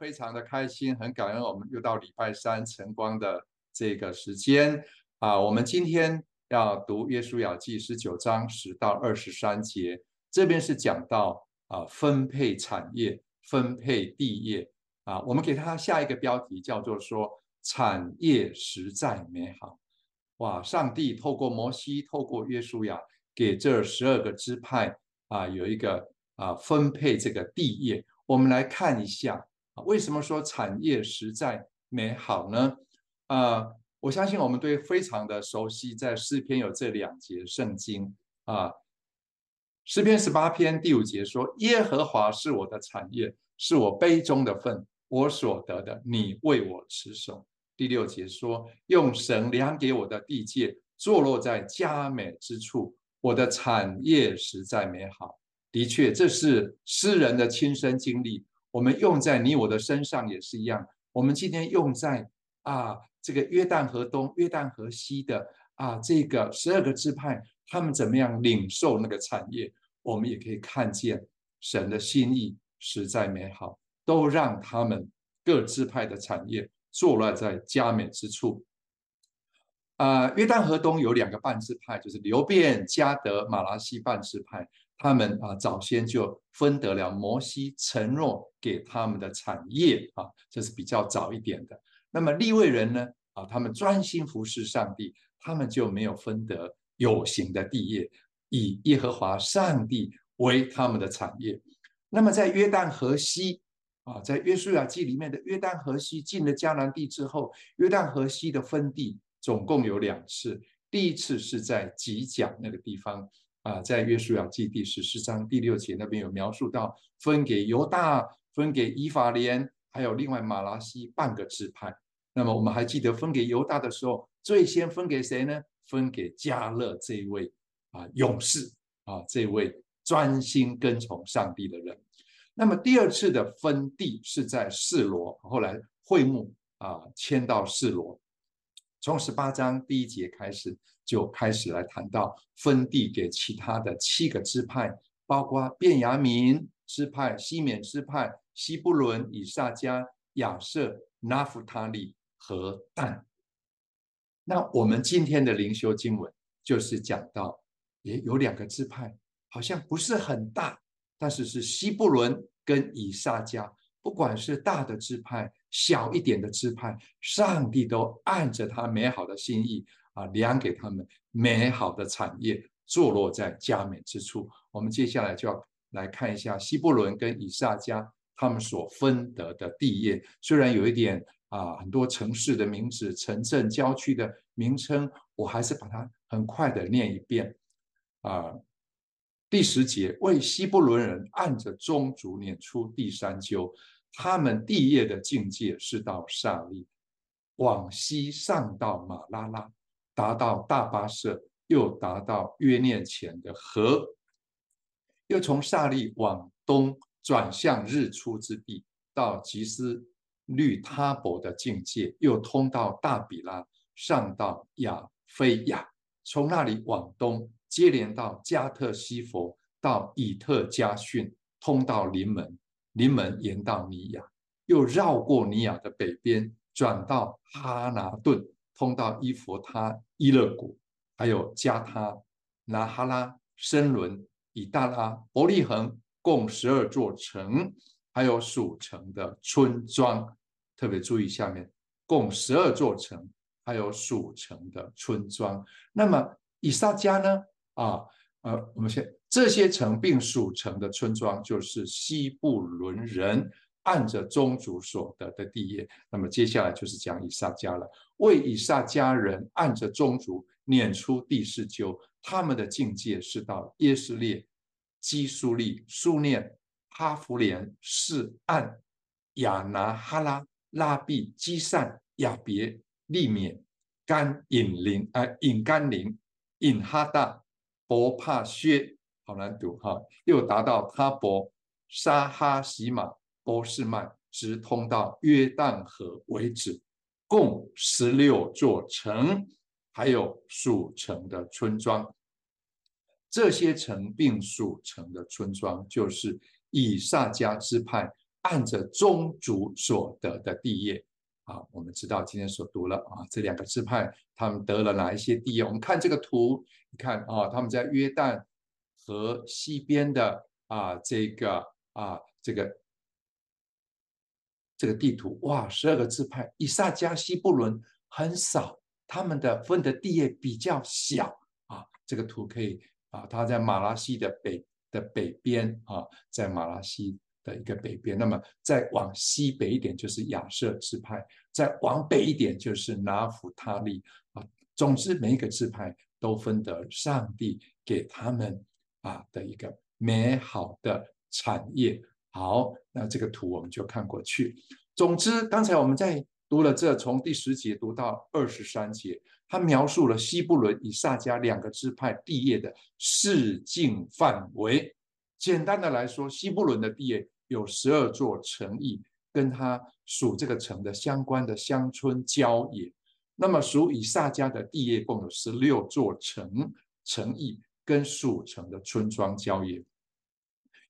非常的開心，很感恩，我們又到禮拜三晨光的這個時間啊。我們今天要讀《約書亞記》十九章十到二十三節，這邊是講到啊分配產業、分配地業啊。我們給它下一個標題叫做說“說產業實在美好”。哇，上帝透過摩西，透過約書亞，給這十二個支派啊有一個啊分配這個地業。我們來看一下。為什麼說產業實在美好呢？啊、呃，我相信我們對非常的熟悉，在詩篇有這兩節聖經啊、呃，詩篇十八篇第五節說：“耶和華是我的產業，是我杯中的份，我所得的，你為我持守。”第六節說：“用繩量給我的地界，坐落在佳美之處，我的產業實在美好。”的確，這是詩人的親身經歷。我們用在你我的身上也是一樣。我們今天用在啊，這個約旦河東、約旦河西的啊，這個十二個支派，他們怎麼樣領受那個產業，我們也可以看見神的心意實在美好，都讓他們各支派的產業坐落在佳美之處。啊、呃，約旦河東有兩個半支派，就是流便、迦得、瑪拉西半支派。他們啊，早先就分得了摩西承諾給他們的產業啊，這是比較早一點的。那麼利未人呢啊，他們專心服侍上帝，他們就沒有分得有形的地業，以耶和華上帝為他們的產業。那麼在約旦河西啊，在約書亞記裡面的約旦河西進了迦南地之後，約旦河西的分地總共有兩次，第一次是在吉甲那個地方。啊，在約書亞記第十四章第六節那邊有描述到，分給猶大，分給以法蓮，還有另外馬拉西半個支派。那麼我們還記得分給猶大的時候，最先分給誰呢？分給迦勒這一位啊勇士啊，這位專心跟從上帝的人。那麼第二次的分地是在示羅，後來會幕啊遷到示羅，從十八章第一節開始。就開始來談到分地給其他的七個支派，包括便雅憫支派、西緬支派、西布倫、以薩迦、亞設、拿弗他利和但。那我們今天的靈修經文就是講到，也有兩個支派，好像不是很大，但是是西布倫跟以薩迦。不管是大的支派、小一點的支派，上帝都按着他美好的心意。啊，量給他們美好的產業，坐落在佳美之處。我們接下來就要來看一下西布倫跟以薩迦他們所分得的地業。雖然有一點啊，很多城市的名字、城鎮、郊區的名稱，我還是把它很快的念一遍。啊，第十節，為西布倫人按着宗族拈出第三鬮，他們地業的境界是到撒立，往西上到瑪拉拉。達到大巴設，又達到約念前的河，又從薩利往東轉向日出之地，到吉斯綠他泊的境界，又通到大比拉，上到雅非亞，從那裡往東接連到迦特希弗，到以特加汛，通到臨門，臨門延到尼亞，又繞過尼亞的北邊，轉到哈拿頓。通到伊佛他、伊勒谷，還有加他、拿哈拉、申倫、以大拉、伯利恆，共十二座城，還有屬城的村莊。特別注意下面，共十二座城，還有屬城的村莊。那麼以薩迦呢？啊，呃，我們先這些城並屬城的村莊，就是西布倫人。按着宗族所得的地業，那麼接下來，就是講以薩迦了。為以薩迦人按着宗族拈出第四鬮，他們的境界是到耶斯列、基蘇利、蘇念、哈弗連、示按、亞拿哈拉、拉比、基善、亞別、利免、甘隱靈啊隱甘靈隱哈大、伯帕薛，好難讀哈。又達到他泊、沙哈、洗馬。伯示麥直通到約旦河為止，共十六座城，還有屬城的村莊。這些城並屬城的村莊，就是以撒迦支派按着宗族所得的地業。啊，我們知道今天所讀了啊，這兩個支派他們得了哪一些地業？我們看這個圖，你看啊，他們在約旦河西邊的啊，這個啊，這個。啊，這個這個地圖哇，十二個支派，以薩迦西布倫很少，他們的分的地業比較小啊。這個圖可以啊，他在馬拉西的北的北邊啊，在馬拉西的一個北邊。那麼再往西北一點就是亞設支派，再往北一點就是拿弗他利啊。總之，每一個支派都分得上帝給他們啊的一個美好的產業。好，那這個圖我們就看過去。總之，剛才我們在讀了這從第十節讀到二十三節，他描述了西布倫以薩迦兩個支派地業的市境範圍。簡單的來說，西布倫的地業有十二座城邑，跟他屬這個城的相關的鄉村郊野；那麼屬以薩迦的地業共有十六座城城邑，跟屬城的村莊郊野。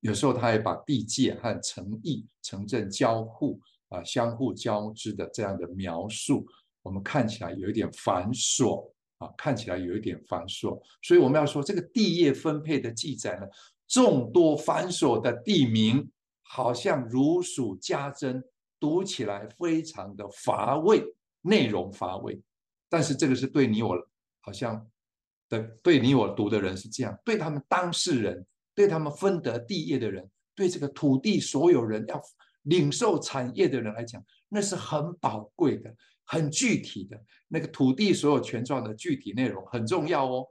有時候他也把地界和城邑、城鎮交互啊，相互交織的這樣的描述，我們看起來有一點繁瑣啊，看起來有一點繁瑣。所以我們要說，這個地業分配的記載呢，眾多繁瑣的地名，好像如數家珍，讀起來非常的乏味，內容乏味。但是這個是對你我好像的對你我讀的人是這樣，對他們當事人。對他們分得地業的人，對這個土地所有人要領受產業的人來講，那是很寶貴的、很具體的，那個土地所有權狀的具體內容很重要哦，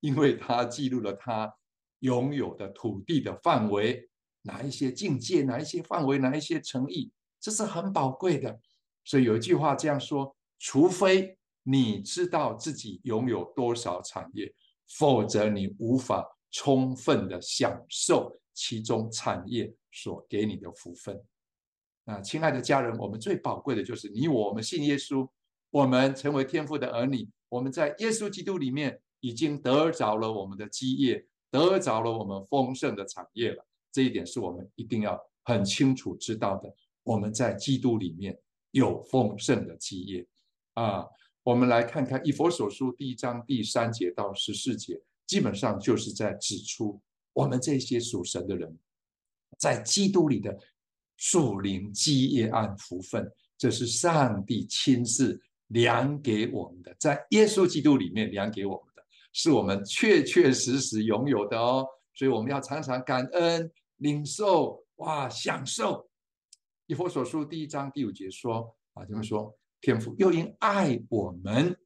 因為他記錄了他擁有的土地的範圍，哪一些境界、哪一些範圍、哪一些城邑，這是很寶貴的。所以有一句話這樣說：除非你知道自己擁有多少產業，否則你無法，充分的享受其中產業所給你的福分。那、啊、親愛的家人，我們最寶貴的就是你我。我們信耶穌，我們成為天父的兒女。我們在耶穌基督裡面已經得着了我們的基業，得着了我們豐盛的產業了。這一點是我們一定要很清楚知道的。我們在基督裡面有豐盛的基業。啊，我們來看看《以弗所書》第一章第三節到十四節。基本上就是在指出我們這些屬神的人，在基督裡的屬靈基業、按福分，這是上帝親自量給我們的，在耶穌基督裡面量給我們的是我們確確實實擁有的哦。所以我們要常常感恩、領受、哇，享受。以弗所書第一章第五節說啊，怎麼說？天父又因愛我們。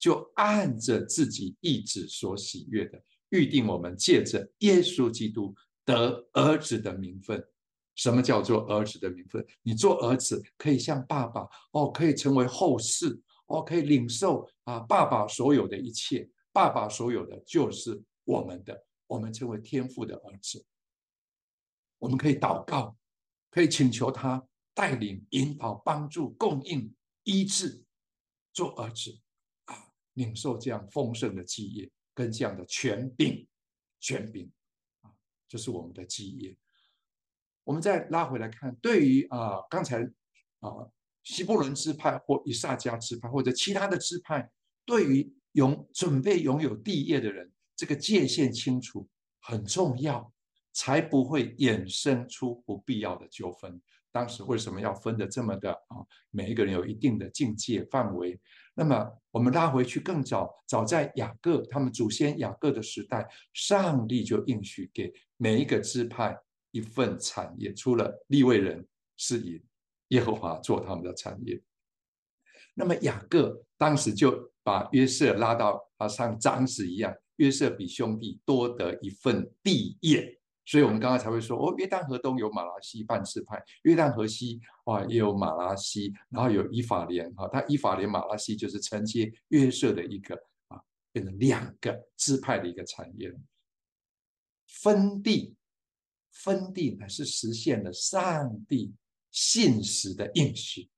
就按着自己意志所喜悅的，預定我們借着耶穌基督得兒子的名分。什麼叫做兒子的名分？你做兒子可以像爸爸哦，可以成為後嗣，哦，可以領受啊，爸爸所有的一切，爸爸所有的就是我們的。我們成為天父的兒子，我們可以禱告，可以請求他帶領、引導、幫助、供應、醫治。做兒子。領受這樣豐盛的基業跟這樣的權柄，權柄啊，就是我們的基業。我們再拉回來看，對於啊、呃，剛才啊、呃，西伯倫支派或以撒迦支派或者其他的支派，對於擁準備擁有地業的人，這個界限清楚很重要，才不會衍生出不必要的糾紛。當時為什麼要分得這麼的啊？每一個人有一定的境界範圍。那麼我們拉回去更早，早在雅各他們祖先雅各的時代，上帝就應許給每一個支派一份產業，除了利未人是以耶和華做他們的產業。那麼雅各當時就把約瑟拉到他像長子一樣，約瑟比兄弟多得一份地業。所以我們剛剛才會說，哦，約旦河東有馬拉西半支派，約旦河西啊，也有馬拉西，然後有伊法連啊，他伊法連馬拉西就是承接約瑟的一個啊，變成兩個支派的一個產業。分地，分地乃是實現了上帝信實的應許。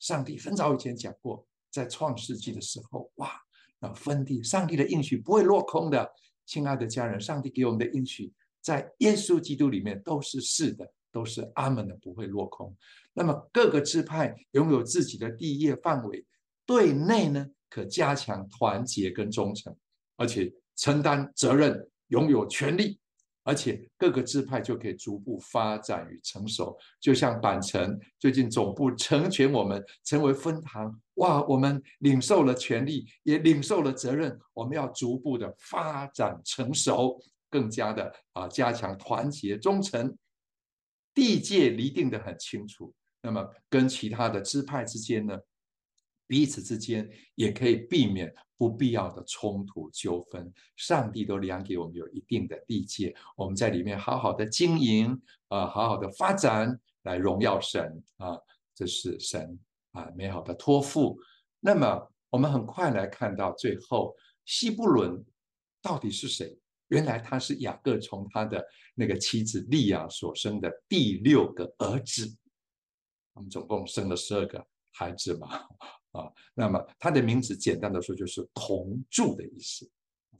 上帝很早以前講過，在創世紀的時候，哇，那分地，上帝的應許不會落空的。親愛的家人，上帝給我們的應許，在耶穌基督裡面都是是的，都是阿們的，不會落空。那麼各個支派擁有自己的地業範圍，對內呢，可加強團結跟忠誠，而且承擔責任，擁有權利，而且各個支派就可以逐步發展與成熟。就像板城最近總部成全我們成為分堂，哇，我們領受了權利，也領受了責任，我們要逐步的發展成熟。更加的啊，加強團結忠誠，地界釐定得很清楚。那麼跟其他的支派之間呢，彼此之間也可以避免不必要的衝突糾紛。上帝都量給我們有一定的地界，我們在裡面好好的經營啊，好好的發展，來榮耀神啊，這是神啊美好的托付。那麼我們很快來看到最後西布倫到底是誰？原來他是雅各從他的那個妻子利亞所生的第六個兒子，我們總共生了十二個孩子嘛？啊，那麼他的名字簡單的說就是“同住”的意思，“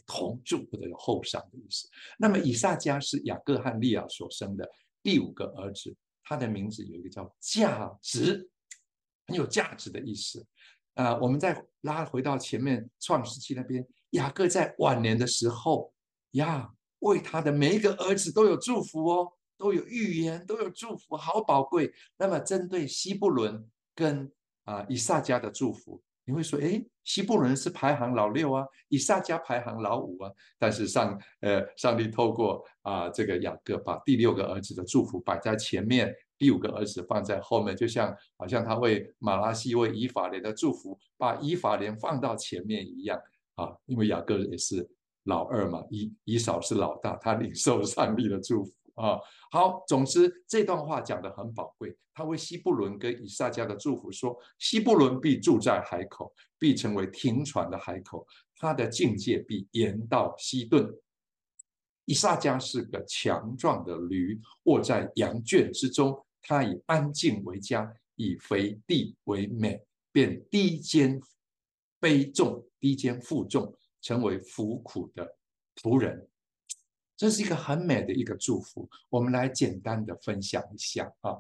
同住”或者有“厚賞”的意思。那麼以薩迦是雅各和利亞所生的第五個兒子，他的名字有一個叫“價值”，很有價值的意思。啊，我們再拉回到前面《創世紀》那邊，雅各在晚年的時候。呀，為他的每一個兒子都有祝福哦，都有預言，都有祝福，好寶貴。那麼，針對西布倫跟啊以薩迦的祝福，你會說，哎，西布倫是排行老六啊，以薩迦排行老五啊。但是上，呃，上帝透過啊這個雅各，把第六個兒子的祝福擺在前面，第五個兒子放在後面，就像好像他為瑪拿西為以法蓮的祝福，把以法蓮放到前面一樣啊，因為雅各也是。老二嘛，以以掃是老大，他領受上帝的祝福啊。好，總之這段話講得很寶貴。他為西布倫跟以薩迦的祝福說：西布倫必住在海口，必成為停船的海口；他的境界必延到西頓。以薩迦是個強壯的驢，臥在羊圈之中，他以安靜為佳，以肥地為美，便低肩背重，低肩負重。成為服苦的僕人，這是一個很美的一個祝福。我們來簡單的分享一下啊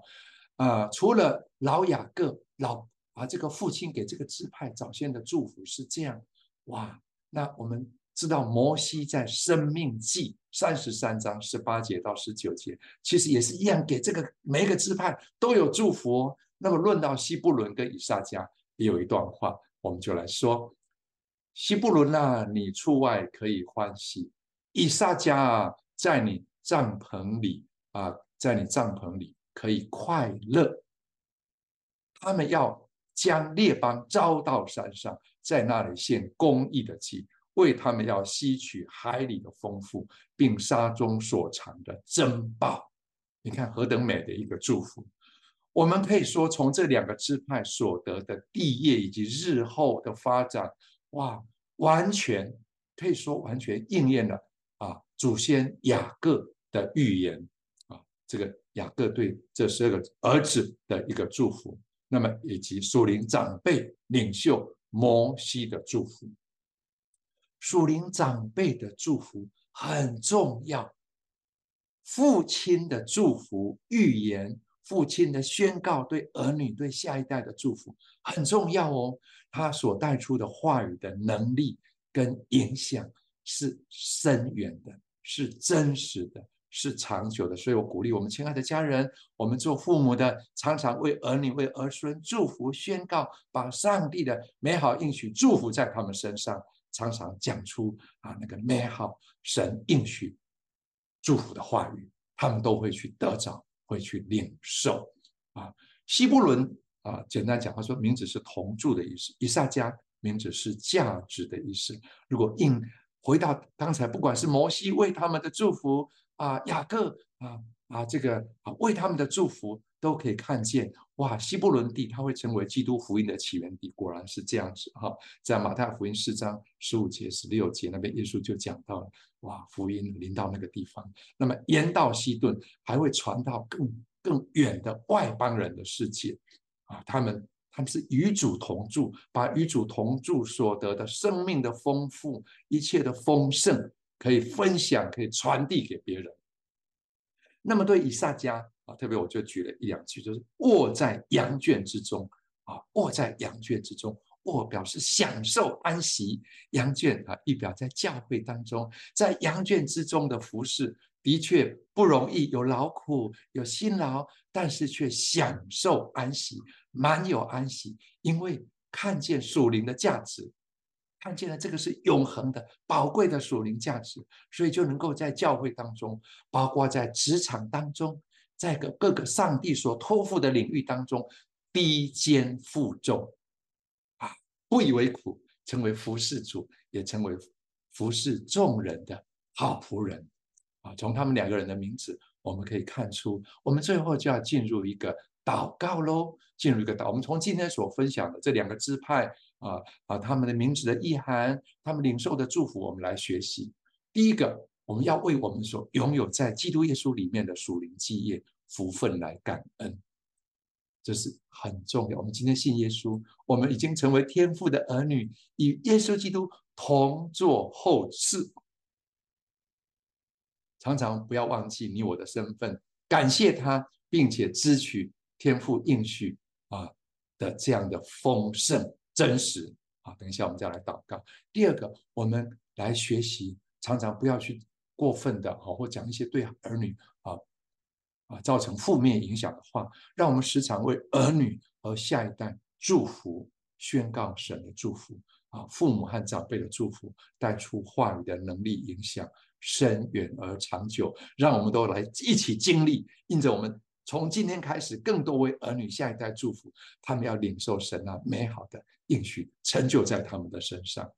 啊、呃！除了老雅各老啊這個父親給這個支派早先的祝福是這樣哇，那我們知道摩西在《申命記》三十三章十八節到十九節，其實也是一樣給這個每一個支派都有祝福、哦。那麼論到西布倫跟以薩迦，也有一段話，我們就來說。西布倫那，你出外可以歡喜；以薩迦在你帳篷裡啊，在你帳篷裡可以快樂。他們要將列邦招到山上，在那裡獻公義的祭，為他們要吸取海裡的豐富，並沙中所藏的珍寶。你看何等美的一個祝福！我們可以說，從這兩個支派所得的地業以及日後的發展。哇，完全可以說完全應驗了啊！祖先雅各的預言啊，這個雅各對這十二個兒子的一個祝福，那麼以及屬靈長輩領袖摩西的祝福，屬靈長輩的祝福很重要，父親的祝福預言。父親的宣告對兒女、對下一代的祝福很重要哦。他所帶出的話語的能力跟影響是深遠的，是真實的，是長久的。所以，我鼓勵我們親愛的家人，我們做父母的，常常為兒女、為兒孫祝福宣告，把上帝的美好應許祝福在他們身上。常常講出啊，那個美好神應許祝福的話語，他們都會去得着。會去領受啊，西布倫啊，簡單講話說，他說名字是同住的意思；以薩迦名字是價值的意思。如果印回到剛才，不管是摩西為他們的祝福啊，雅各啊啊，這個啊為他們的祝福都可以看見哇，西布倫地，它會成為基督福音的起源地，果然是這樣子哈。在馬太福音四章十五節、十六節那邊，耶穌就講到了：哇，福音臨到那個地方，那麼延到西頓，還會傳到更更遠的外邦人的世界啊。他們他們是與主同住，把與主同住所得的生命的豐富、一切的豐盛，可以分享，可以傳遞給別人。那麼對以薩迦啊，特別我就舉了一兩句，就是臥在羊圈之中啊，臥在羊圈之、之中，臥表示享受安息，羊圈啊，意表在教會當中，在羊圈之中的服侍的確不容易，有勞苦，有辛勞，但是卻享受安息，滿有安息，因為看見屬靈的價值。看見了這個是永恆的寶貴的屬靈價值，所以就能夠在教會當中，包括在職場當中，在各各個上帝所託付的領域當中，低肩負重，啊，不以為苦，成為服侍主，也成為服侍眾人的好僕人，啊，從他們兩個人的名字，我們可以看出，我們最後就要進入一個禱告嘍，進入一個禱。我們從今天所分享的這兩個支派。啊把、啊、他們的名字的意涵，他們領受的祝福，我們來學習。第一個，我們要為我們所擁有在基督耶穌裡面的屬靈基業、福分來感恩，這是很重要。我們今天信耶穌，我們已經成為天父的兒女，與耶穌基督同作後嗣。常常不要忘記你我的身份，感謝他，並且支取天父應許啊的這樣的豐盛。真實啊！等一下，我們再來禱告。第二個，我們來學習，常常不要去過分的啊，或講一些對兒女啊啊造成負面影響的話。讓我們時常為兒女和下一代祝福，宣告神的祝福啊，父母和長輩的祝福，帶出話語的能力，影響深遠而長久。讓我們都來一起經歷，印着我們。從今天開始，更多為兒女下一代祝福，他們要領受神那美好的應許成就在他們的身上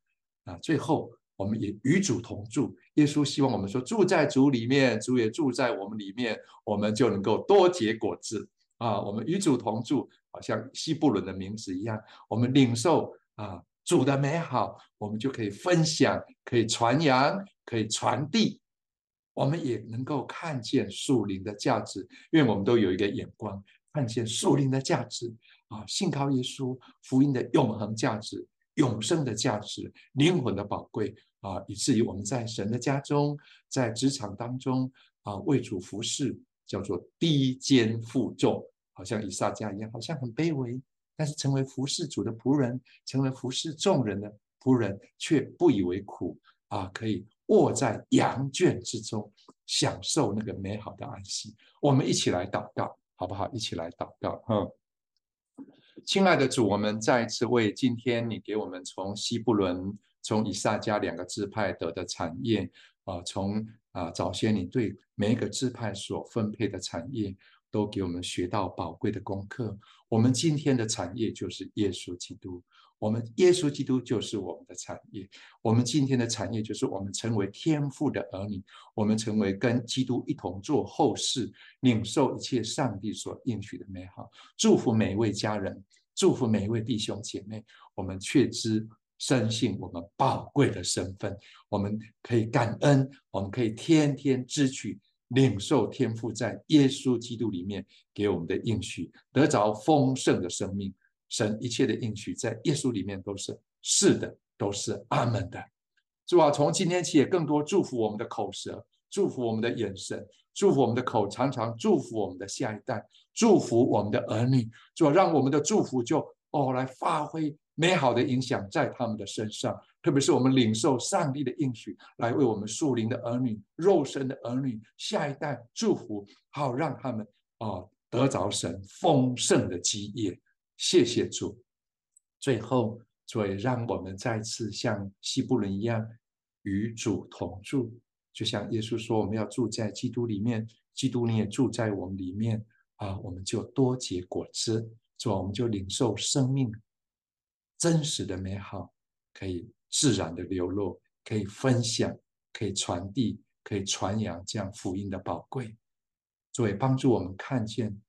啊！最後，我們也與主同住。耶穌希望我們說，住在主裡面，主也住在我們裡面，我們就能夠多結果子啊！我們與主同住，好像西布倫的名字一樣，我們領受啊主的美好，我們就可以分享，可以傳揚，可以傳遞。我們也能夠看見屬靈的價值，因為我們都有一個眼光看見屬靈的價值啊。信靠耶穌福音的永恆價值、永生的價值、靈魂的寶貴啊，以至於我們在神的家中，在職場當中啊，為主服侍，叫做低肩負重，好像以薩迦一樣，好像很卑微。但是成為服侍主的僕人，成為服侍眾人的僕人，卻不以為苦啊，可以。臥在羊圈之中，享受那個美好的安息。我們一起來禱告，好不好？一起來禱告，哈！親愛的主，我們再一次為今天你給我們從西布倫、從以薩迦兩個支派得的產業，啊、呃，從啊、呃、早先你對每一個支派所分配的產業，都給我們學到寶貴的功課。我們今天的產業就是耶穌基督。我們耶穌基督就是我們的產業。我們今天的產業就是我們成為天父的兒女，我們成為跟基督一同作後嗣，領受一切上帝所應許的美好。祝福每一位家人，祝福每一位弟兄姐妹。我們確知，深信我們寶貴的身份，我們可以感恩，我們可以天天支取、領受天父在耶穌基督裡面給我們的應許，得着豐盛的生命。神一切的應許在耶穌裡面都是是的，都是阿門的。主啊，從今天起也更多祝福我們的口舌，祝福我們的眼神，祝福我們的口長長，常常祝福我們的下一代，祝福我們的兒女。主啊，讓我們的祝福就哦來發揮美好的影響在他們的身上，特別是我們領受上帝的應許，來為我們屬靈的兒女、肉身的兒女下一代祝福，好讓他們哦得着神豐盛的基業。謝謝主，最後，所以讓我們再次像西布倫一樣與主同住，就像耶穌說，我們要住在基督裡面，基督你也住在我們裡面啊！我們就多結果子，做，我們就領受生命真實的美好，可以自然的流露，可以分享，可以傳遞，可以傳揚這樣福音的寶貴。作為幫助我們看見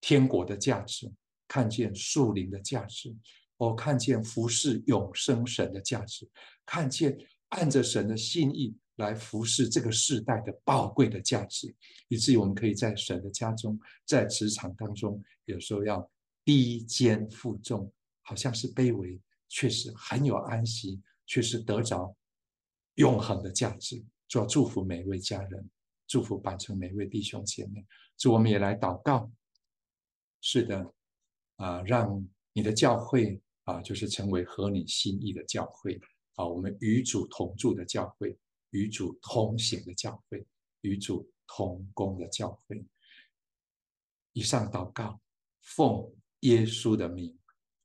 天國的價值。看見樹林的價值，我看見服侍永生神的價值，看見按着神的心意來服侍這個世代的寶貴的價值，以至於我們可以在神的家中，在職場當中，有時候要低肩負重，好像是卑微，卻是很有安息，卻是得着永恆的價值。主要祝福每一位家人，祝福板城每位弟兄姐妹，所以我們也來禱告。是的。啊，讓你的教會啊，就是成為合你心意的教會啊，我們與主同住的教會，與主同行的教會，與主同工的教會。以上禱告，奉耶穌的名，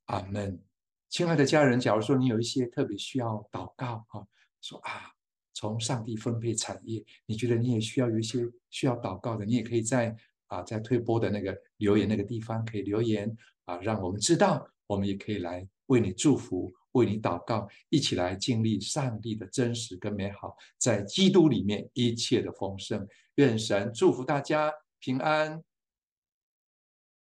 阿門。親愛的家人，假如說你有一些特別需要禱告啊，說啊，從上帝分配產業，你覺得你也需要有一些需要禱告的，你也可以在。啊，在推播的那個留言那個地方可以留言啊，讓我們知道，我們也可以來為你祝福，為你禱告，一起來經歷上帝的真實跟美好，在基督裡面一切的豐盛。願神祝福大家平安。